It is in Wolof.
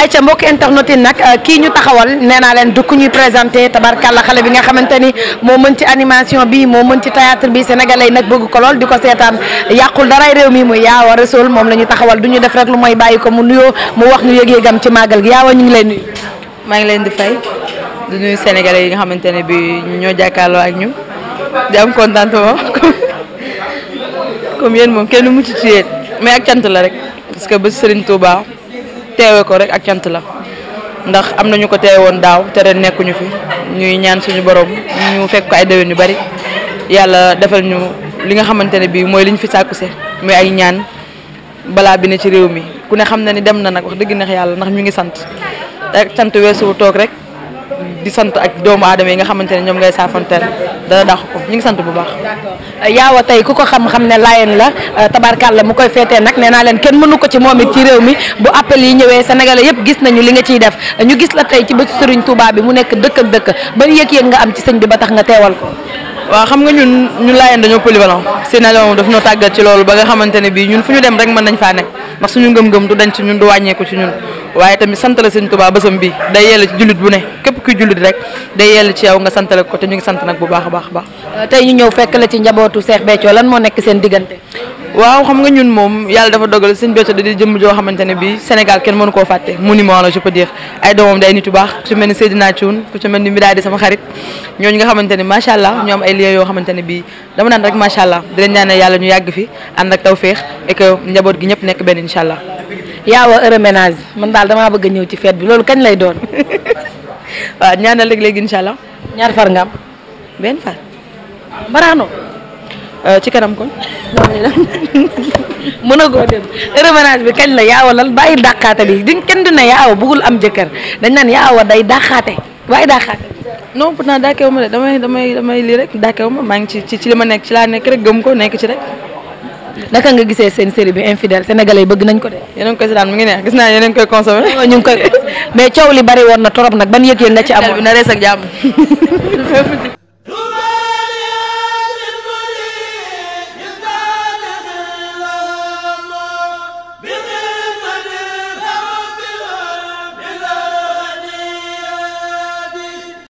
ay ca mbokk internet nag euh, kii ñu taxawal nee naa leen du ku ñuy présenté tabarkàlla xale bi nga xamante ni moo mën ci animation bi moom mën ci théâtre bi sénégalais yi nag bëgg ko lool di ko seetaan yàqul daray réew mi muy yaawa resool moom la ñu taxawal du ñu def rek lu mooy bàyyi ko mu nuyoo mu wax ñu yëg-yëgam ci màggal gi yaawa ñu ngi leen nuyu. maa ngi leen di fay di nuyu sénégalais yi nga xamante ne bi ñoo jàkkaarloo ak ñu di am contentement comme yéen moom kenn mucc ci yéen mais ak la rek parce que ba Serigne Touba teewe ko rek ak cant la ndax am nañu ko teewe woon daaw te ren nekkuñu fi ñuy ñaan suñu borom ñu fekk ko ay déwén yu bari yàlla defal ñu li nga xamante ne bii mooy liñ fi sàkkuse muy ay ñaan balaa bi ne ci réew mi ku ne xam na ni dem na nag wax dëgg neex yàlla ndax ñu ngi sant ak sant weesuwu toog rek di sant ak doomu aadama yi nga xamante ne ñoom ngay saafanteel dara dàq ko ñu ngi sant bu baax. yaaw a tey ku ko xam-xam ne Layeen la euh, tabarkaan la mu koy feetee nag nee naa leen kenn mënu ko ci moom it ci réew mi bu appel yi ñëwee Sénégalais yëpp gis nañu li nga ciy def ñu gis la tey ci bés Serigne Touba bi mu nekk dëkk ak dëkk ban yëg-yëg nga am ci sëñ bi ba tax nga teewal ko. waaw xam nga ñun ñun Layeen dañoo polyvalent Sénégal moom daf ñoo tàggal ci loolu ba nga xamante ne bii ñun fu ñu dem rek mën nañ faa nekk ndax suñu ngëm du dañ ci ñun du wàññeeku ci ñun waaye tamit santale sëñ Tuubaa bësam bi day yell ci jullit bu ne képp kuy jullit rek day yell ci yow nga santale ko te ñu ngi sant nag bu a baax a baax. Euh, tey ñu ñëw fekk la lan moo nekk seen diggante. waaw xam nga ñun moom yàlla dafa dogal sëñ Béthio joo xamante ne bii Sénégal kenn mënu koo fàtte monument la je peux dire ay doomam day nit yu baax ku mel ni Seydina Thioune ku ci mel ni Mbidaadi sama xarit ñooñu nga xamante ne macha allah ñoom am ay liens yoo xamante ne bii dama naan rek macha allah di leen ñaanal yàlla ñu yàgg fi ànd ak tawféex et que njaboot gi ñëpp nekk benn incha allah yaawa heure ménage man daal damaa bëgg a ñëw ci fête bi loolu kañ lay doon. waaw ñaanal rek léegi incha allah. ñaar far nga benn far. mbaraano. Euh, ci kanam ko mën a goo dem heure ménage bi kañ la yaawa lan bàyyi dàqaate bi di kenn du ne yaawa bëggul am jëkkër dañ naan yaawa day dàqaate bàyyi dàqaate. non pourtant dàkkeewu ma de damay damay damay lii rek dàkkeewu ma maa ngi ci ci la ma nekk ci laa nekk rek gëm ko nekk ci rek. naka nga gisee seen série bi infidèle sénégalais bëgg nañ ko de. yéen a ngi koy seetaan mu ngi neex gis naa yéen a koy consommé. Oh, mais coow li bari woon na torop nag ban yëg yéen nga ci amoon. na rees ak jàmm.